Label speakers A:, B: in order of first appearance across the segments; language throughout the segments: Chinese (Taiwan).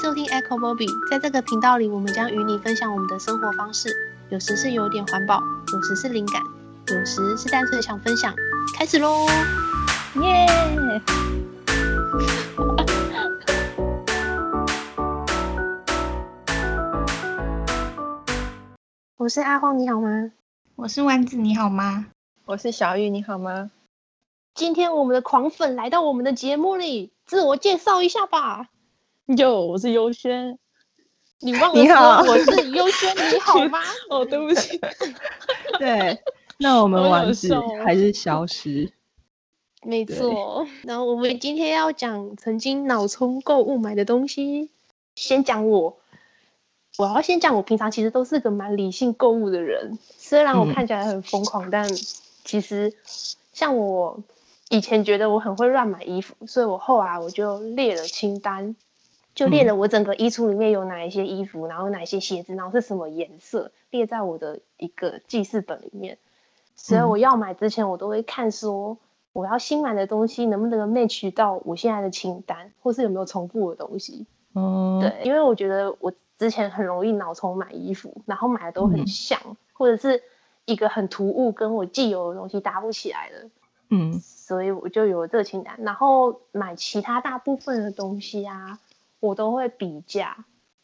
A: 收聽 Echo Bobby，在這個頻道裡，我們將與你分享我們的生活方式。有時是有點環保，有時是靈感，有時是單純想分享。開始嘍，耶、yeah! 我是阿荒，你好嗎？我是丸子，你好嗎？我是小玉，你好嗎？今天我們的狂粉來到我們的節目裡，自我介紹一下吧。有，我是優軒。你忘了說我是優軒，你好嗎？ 哦，對不起。
B: 對，那我們玩是還是消失、嗯？
A: 沒錯。然後我們今天要講曾經腦衝購物買的東西。 先講我，我要先講我平常其實都是個蠻理性購物的人，雖然我看起來很瘋狂、嗯，但其實像我以前覺得我很會亂買衣服，所以我後來我就列了清單。就列了我整個衣櫥裡面有哪一些衣服，嗯、然後哪一些鞋子，然後是什麼顏色，列在我的一個記事本裡面。所以我要買之前，我都會看說我要新買的東西能不能 match 到我現在的清單，或是有沒有重複的東西。嗯、對，因為我覺得我之前很容易腦衝買衣服，然後買的都很像、嗯，或者是一個很突兀跟我既有的東西搭不起來的。嗯，所以我就有這個清單，然後買其他大部分的東西啊。我都會比價，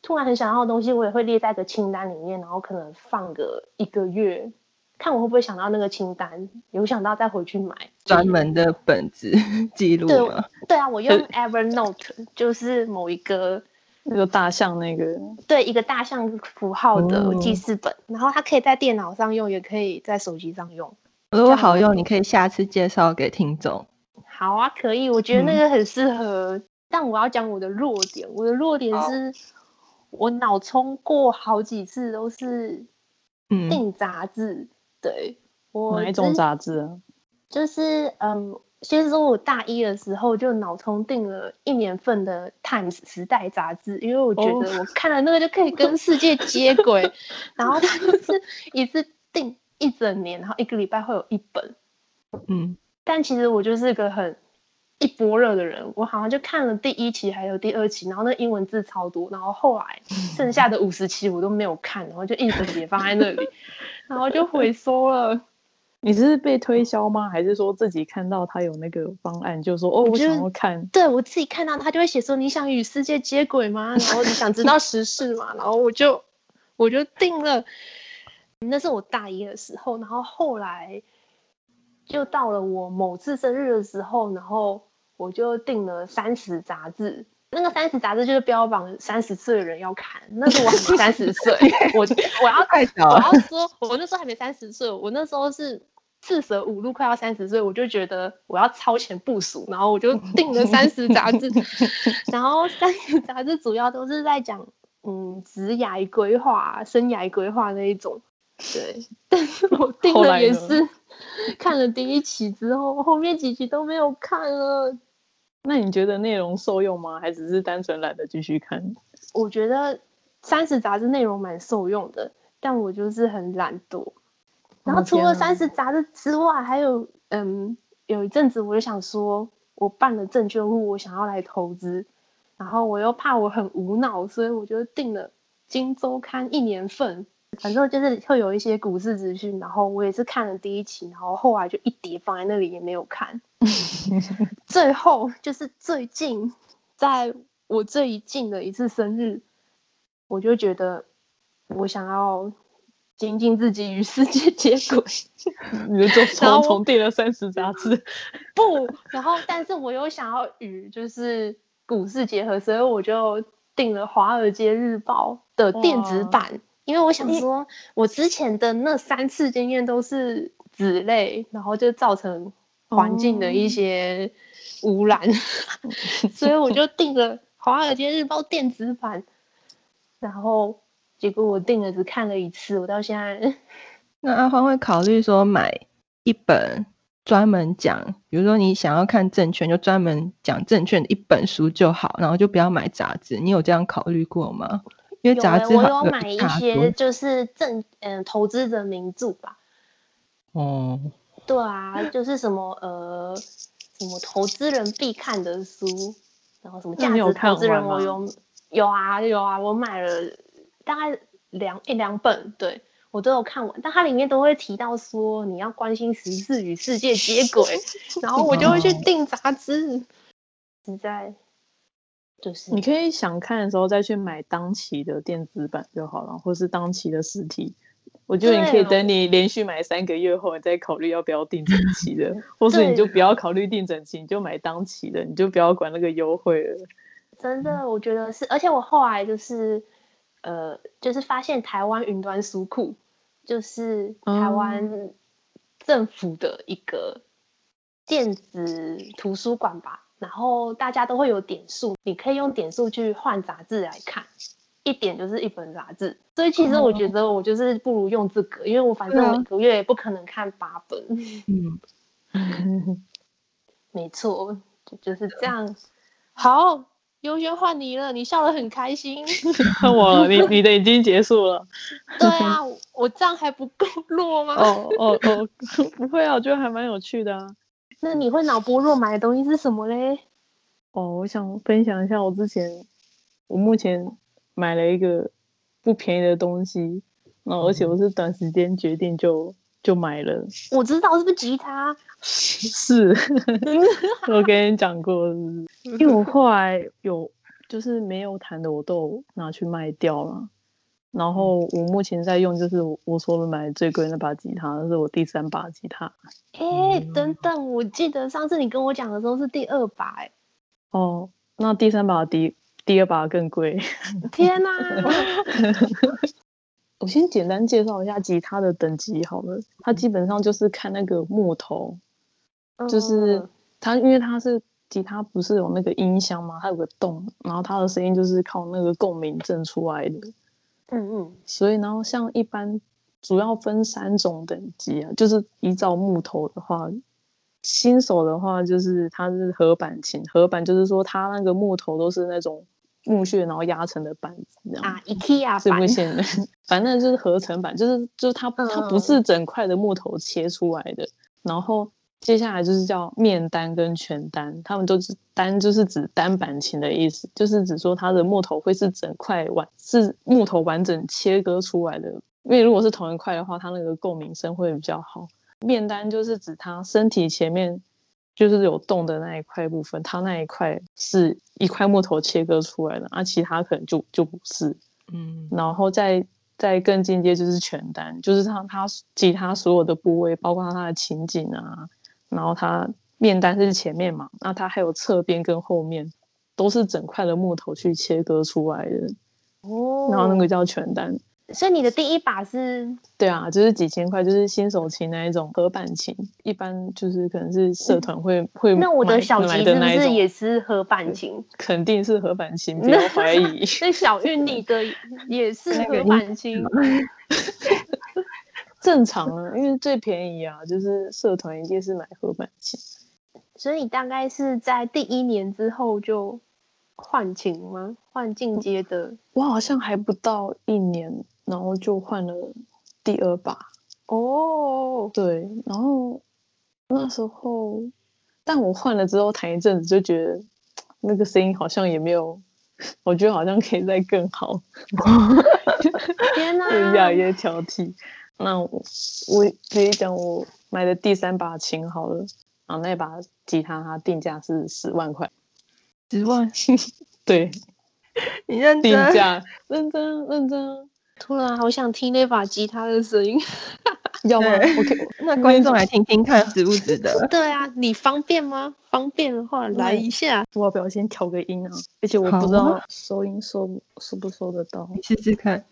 A: 突然很想要的東西，我也會列在個清單裡面，然後可能放個一個月，看我會不會想到那個清單，有想到再回去買。
B: 專門的本子記錄嗎 ？
A: 對啊，我用 Evernote， 就是某一個那個大象，那個。對，一個大象符號的記事本，嗯，然後它可以在電腦上用，也可以在手機上用。
B: 如果好用，你可以下次介紹給聽眾。
A: 好啊，可以，我覺得那個很適合。嗯但我要講我的弱點，我的弱點是我腦衝過好幾次都是訂雜誌、嗯。對，我、就是、哪一種雜誌、啊？就是嗯，先說我大一的時候就腦衝訂了一年份的《Times》時代雜誌，因為我覺得我看了那個就可以跟世界接軌。哦、 然後它就是一次訂一整年，然後一個禮拜會有一本。嗯，但其實我就是個很。一波熱的人，我好像就看了第一期還有第二期，然後那英文字超多，然後後來剩下的五十期我都沒有看， 然後就一直疊放在那裡，然後就回收了。 你是被推銷嗎？還是說自己看到他有
C: 那個方案就說哦，我就，我想要看。對，
A: 我自己看到他就會寫說你想與世界接軌嗎？然後你想知道時事嘛？ 然後我就我就定了。那是我大一的時候，然後後來就到了我某次生日的時候，然後。我就訂了三十雜誌，那個三十雜誌就是標榜三十歲的人要看，那時候我還沒三十歲，我我要我要說，我那時候還沒三十歲，我那時候是四捨五入快要三十歲，我就覺得我要超前部署，然後我就訂了三十雜誌， 然後三十雜誌主要都是在講嗯職涯規劃、生涯規劃那一種，對，但是我訂了也是的看了第一期之後，後面幾期都沒有看了。
C: 那你覺得內容受用嗎？還是只是單純懶得繼續看？
A: 我覺得三十雜誌內容蠻受用的，但我就是很懶惰。然後除了三十雜誌之外，oh, 還有嗯，有一陣子我就想說，我辦了證券戶，我想要來投資，然後我又怕我很無腦，所以我就得訂了《今周刊》一年份。反正就是會有一些股市資訊，然後我也是看了第一期，然後後來就一疊放在那裡也沒有看。 最後就是最近，在我最近的一次生日，我就覺得我想要精進自己與世界接軌，你就重重訂了三十雜誌。 不，然後但是我又想要與就是股市結合，所以我就訂了《華爾街日報》的電子版。因為我想說，我之前的那三次經驗都是紙類，然後就造成環境的一些污染，oh. 所以我就訂了《華爾街日報》電子版， 然後結果我訂了只看了一次，我到現在 。
B: 那阿歡會考慮說買一本專門講，比如說你想要看證券，就專門講證券的一本書就好，然後就不要買雜誌。你有這樣考慮過嗎？因為雜誌，我有買一些，就
A: 是正嗯投資的名著吧。哦、嗯。對啊，就是什麼呃，什麼投資人必看的書，然後什麼價值投資人、嗯，我有有啊有啊，我買了大概兩一兩本，對我都有看完。但它裡面都會提到說你要關心時事與世界接軌，然後我就會去訂雜誌，實在。就是你可
C: 以想看的時候再去買當期的電子版就好了，或是當期的實體。
A: 我覺得你可以等
C: 你連續買三個月後，再考慮要不要訂整期的，或是你就不要考慮訂整期，你就買當期的，你就不要管那個優惠了。
A: 真的，我覺得是，而且我後來就是呃，就是發現台灣雲端書庫，就是台灣政府的一個電子圖書館吧。然後大家都會有點數，你可以用點數去換雜誌來看，一點就是一本雜誌。所以其實我覺得我就是不如用這個，哦、因為我反正我每個月也不可能看八本。嗯，嗯嗯，沒錯，就，就是這樣。好，優萱換你了，你笑得很開心。
C: 我，你你的已經結束了。
A: 對啊，我這樣還不夠弱嗎？哦哦哦，不會啊，我覺得還蠻有趣的啊。那你會腦波弱買的東西是什麼嘞？哦，我想分享一下我之前，我目
C: 前買了一個不便宜的東西，那、哦、而且我是短時間決定就就買了。
A: 我知道是不是吉他？
C: 是， 我跟你講過，是不是？ 因為我後來有就是沒有彈的，我都拿去賣掉了。然後我目前在用，就是我我說的買最貴的那把吉他，就是我第三把吉他。
A: 哎，等等，我記得上次你跟我講的時候是第二把。
C: 哦，那第三把比第二把更貴。
A: 天吶、啊、
C: 我先簡單介紹一下吉他的等級好了，它基本上就是看那個木頭，嗯、就是它，因為它是吉他，不是有那個音箱嘛，它有個洞，然後它的聲音就是靠那個共鳴震出來的。嗯嗯，所以然後像一般，主要分三種等級啊，就是依照木頭的話，新手的話就是它是合板琴，合板就是說它那個木頭都是那種木屑然後壓成的板子，
A: 啊 IKEA 啊，是木屑，
C: 反正就是合成板，就是就是它它不是整塊的木頭切出來的，嗯、然後。接下來就是叫面單跟全單，他們都是單就是指單板琴的意思，就是指說它的木頭會是整塊完是木頭完整切割出來的，因為如果是同一塊的話，它那個共鳴聲會比較好。面單就是指它身體前面就是有洞的那一塊部分，它那一塊是一塊木頭切割出來的，而、啊、其他可能就就不是。嗯，然後再再更進階就是全單，就是它它其他所有的部位，包括它的琴頸啊，然後它面單是前面嘛，那它還有側邊跟後面，都是整塊的木頭去切割出來的。
A: 哦，然後那個
C: 叫全單。
A: 所以你的第一把是？
C: 對啊，就是幾千塊，就是新手琴那一種合板琴，一般就是可能是社團會、嗯、會買，那我的小吉是不是也
A: 是合板琴？肯定是合板
C: 琴，沒有懷疑。那
A: 小玉你的也是合板琴。
C: 正常啊，因為最便宜啊，就是社團一定是買合板琴，
A: 所以你大概是在第一年之後就換琴嗎？換進階的。
C: 我，我好像還不到一年，然後就換了第二把哦。Oh. 對，然後那時候，但我換了之後彈一陣子就覺得，那個聲音好像也沒有，我覺得好像可以再更好。 天哪、啊，越來越挑剔。那我,我可以講我買的第三把琴好了啊，那把吉他它定價是十萬塊，十萬？ 對，你認真，定價
A: 認真認真。突然好想聽那把吉他的聲音， 要嗎？OK，那觀眾來聽聽看值不值得？對啊，你方便嗎？方便的話來一下，嗯、我要不要先調個音啊，而且我不知道收音收
C: 收不收得到，你試試看。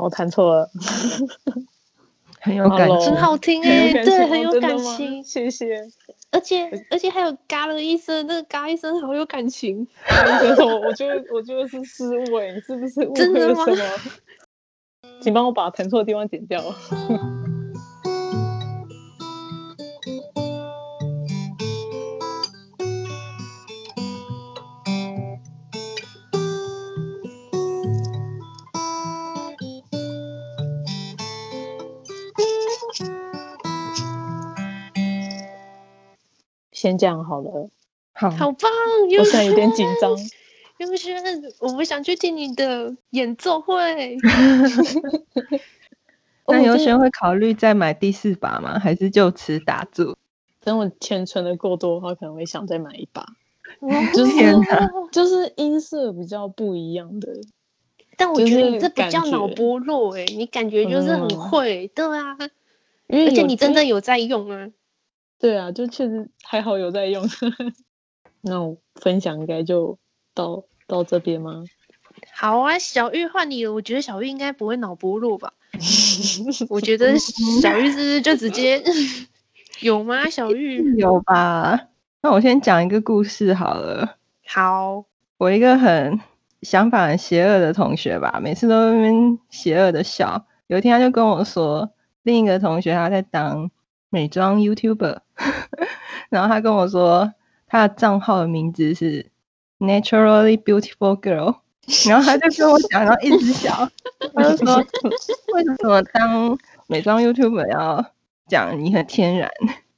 C: 我彈錯了，很有感情，Hello, 很好聽哎、欸哦，對很，很有感情，
A: 謝謝。而且而且還有嘎了一聲，那個嘎一聲好有感情。 我覺得我覺得，
C: 我覺得是失誤、欸，你是不是誤會了什麼？請幫我把彈錯的地方剪掉。嗯先這樣好了，好，好棒！又現有點緊張。
A: 又軒，我不想去聽你的演奏會。那尤軒
B: 會考慮再買第四把嗎？還是就此打住？
C: 等、哦、我錢存的、的過多的話，可能會想再買一把。就是天、
A: 啊，就是音色比較不一樣的。但我覺得你這比較腦波弱誒、欸，就是，你感覺就是很會、欸嗯。對啊、嗯。而且你真的有在用啊。對啊，就確實還好有在用。
C: 那我分享應該就到到這邊嗎？
A: 好啊，小玉換你了。我覺得小玉應該不會腦波弱吧？ 我覺得小玉是不是就直接 有嗎？小玉有
B: 吧？那我先講一個故事好了。好，我一個很想法很邪惡的同學吧，每次都在那邊邪惡的笑。有一天他就跟我說，另一個同學他在當。美妝 YouTuber， 然後他跟我說他的賬號的名字是 Naturally Beautiful Girl，然後他就跟我講，要 一直想他 就說 為什麼當美妝 YouTuber 要講你很天然？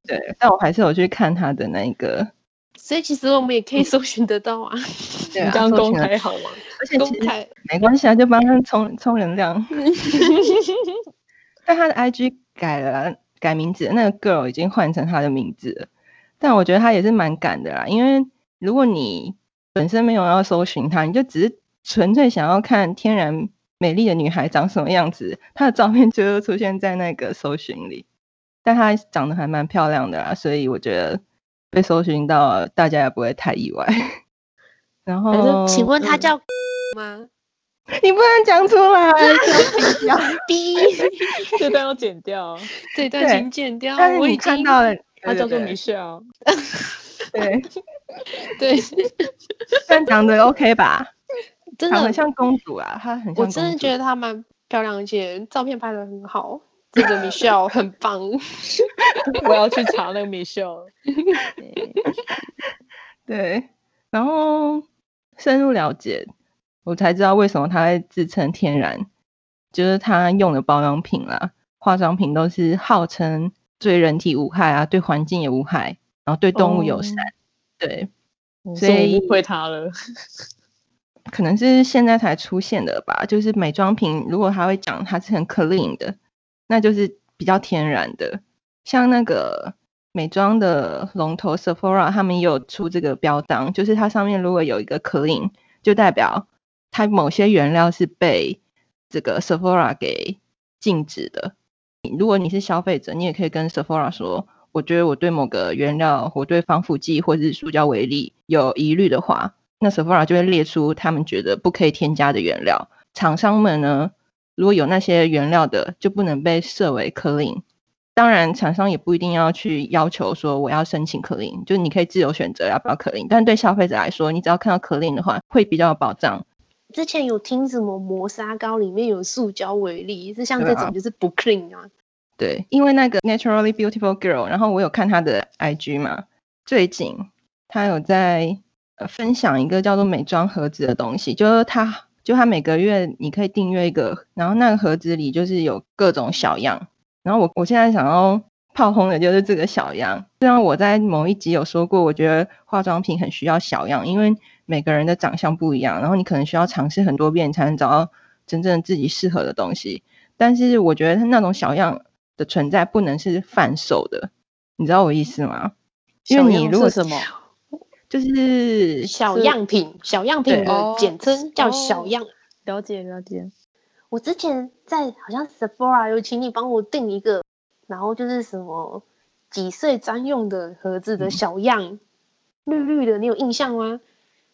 B: 對，但我還是有去看他的那個，
A: 所以其實我們也可以搜尋得到啊。嗯、 你剛公開好嗎？而且公開
B: 沒關係，就幫他充充能量。但 他的 IG 改了。改名字那個 girl 已經換成她的名字了，但我覺得她也是蠻敢的啦，因為如果你本身沒有要搜尋她，你就只是純粹想要看天然美麗的女孩長什麼樣子，她的照片就會出現在那個搜尋裡。但她長得還蠻漂亮的啦，所以我覺得被搜尋到大家也不會太意外。
A: 然後，是請問她叫、X2、嗎？你不能講出來，裝、啊、逼，這段要剪掉，
C: 這段請
A: 剪掉。我已經但是看到了，對對對，他叫做 Michelle，對對，對對但長得 OK 吧？真的很像
B: 公主啊，她很我真的
A: 覺得她蠻漂亮一些，而且照片拍得很好，
B: 這個 Michelle 很
A: 棒。 我要去查那個
C: Michelle，
B: 對，然後深入了解。我才知道為什麼他會自稱天然，就是他用的保養品啦、化妝品都是號稱對人體無害啊，對環境也無害，然後對動物友善。對，
C: 所以我誤會他了。
B: 可能是現在才出現的吧，就是美妝品如果他會講它是很 clean 的，那就是比較天然的。像那個美妝的龍頭 Sephora，他們也有出這個標章，就是它上面如果有一個 clean，就代表。它某些原料是被這個 Sephora 給禁止的。如果你是消費者，你也可以跟 Sephora 說，我覺得我對某個原料，我對防腐劑或是塑膠微粒有疑慮的話，那 Sephora 就會列出他們覺得不可以添加的原料。廠商們呢，如果有那些原料的，就不能被設為 Clean。當然，廠商也不一定要去要求說我要申請 Clean，就你可以自由選擇要不要 Clean。但對消費者來說，你只要看到 Clean 的話，會比較有保障。
A: 之前有聽什麼磨砂膏裡面有塑膠微粒，是像這種就是不 clean 啊？
B: 對，因為那個 Naturally Beautiful Girl，然後我有看她的 IG 嘛，最近她有在、呃、分享一個叫做美妝盒子的東西，就是她就她每個月你可以訂閱一個，然後那個盒子裡就是有各種小樣，然後我我現在想要。炮轟的就是這個小樣。雖然我在某一集有說過，我覺得化妝品很需要小樣，因為每個人的長相不一樣，然後你可能需要嘗試很多遍才能找到真正自己適合的東西。但是我覺得它那種小樣的存在不能是販售的，你知道我意思嗎？小樣是什麼？因為你如果什麼？
A: 就是小樣品，小樣品的簡稱、哦、叫小樣。哦、了解了解。我之前在好像 Sephora 有請你幫我訂一個。然後就是什麼幾歲專用的盒子的小樣，嗯，綠綠的，你有印象嗎？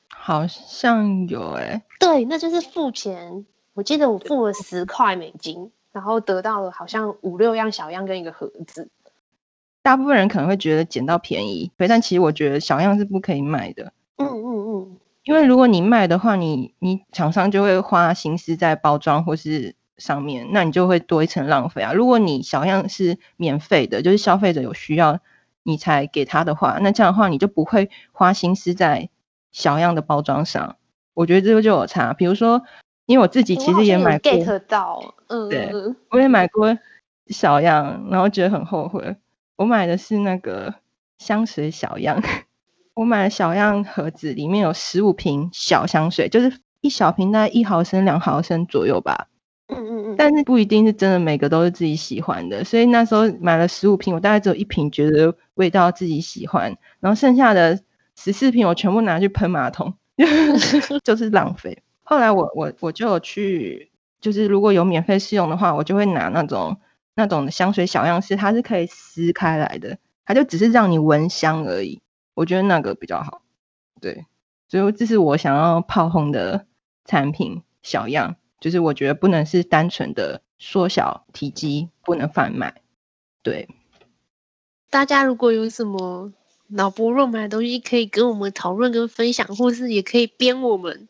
A: 好像有誒、欸、對，那就是付錢。我記得我付了十塊美金，然後得到了好像五六樣小樣跟一個盒子。
B: 大部分人可能會覺得撿到便宜，但其實我覺得小樣是不可以賣的。嗯嗯嗯。因為如果你賣的話，你你廠商就會花心思在包裝或是。上面，那你就會多一層浪費啊。如果你小樣是免費的，就是消費者有需要你才給他的話，那這樣的話你就不會花心思在小樣的包裝上。我覺得這個就有差。比如說，因為我自己其實也買過 get
A: 到，嗯、呃，對，
B: 我也買過小樣，然後覺得很後悔。我買的是那個香水小樣， 我買小樣盒子裡面有十五瓶小香水，就是一小瓶大概一毫升、兩毫升左右吧。嗯嗯嗯，但是不一定是真的，每個都是自己喜歡的，所以那時候買了十五瓶，我大概只有一瓶覺得味道自己喜歡，然後剩下的十四瓶我全部拿去噴馬桶， 就是浪費。後來我我我就去，就是如果有免費試用的話，我就會拿那種那種香水小樣是，它是可以撕開來的，它就只是讓你聞香而已。我覺得那個比較好，對，所以這是我想要炮轟的產品小樣。就是我覺得不能是單純的縮小體積，不能販賣，對。
A: 大家如果有什麼腦波弱亂買的東西，可以跟我們討論跟分享，或是也可以鞭我們。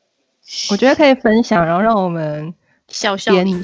B: 我覺得可以分享，然後讓我們
A: 笑笑你。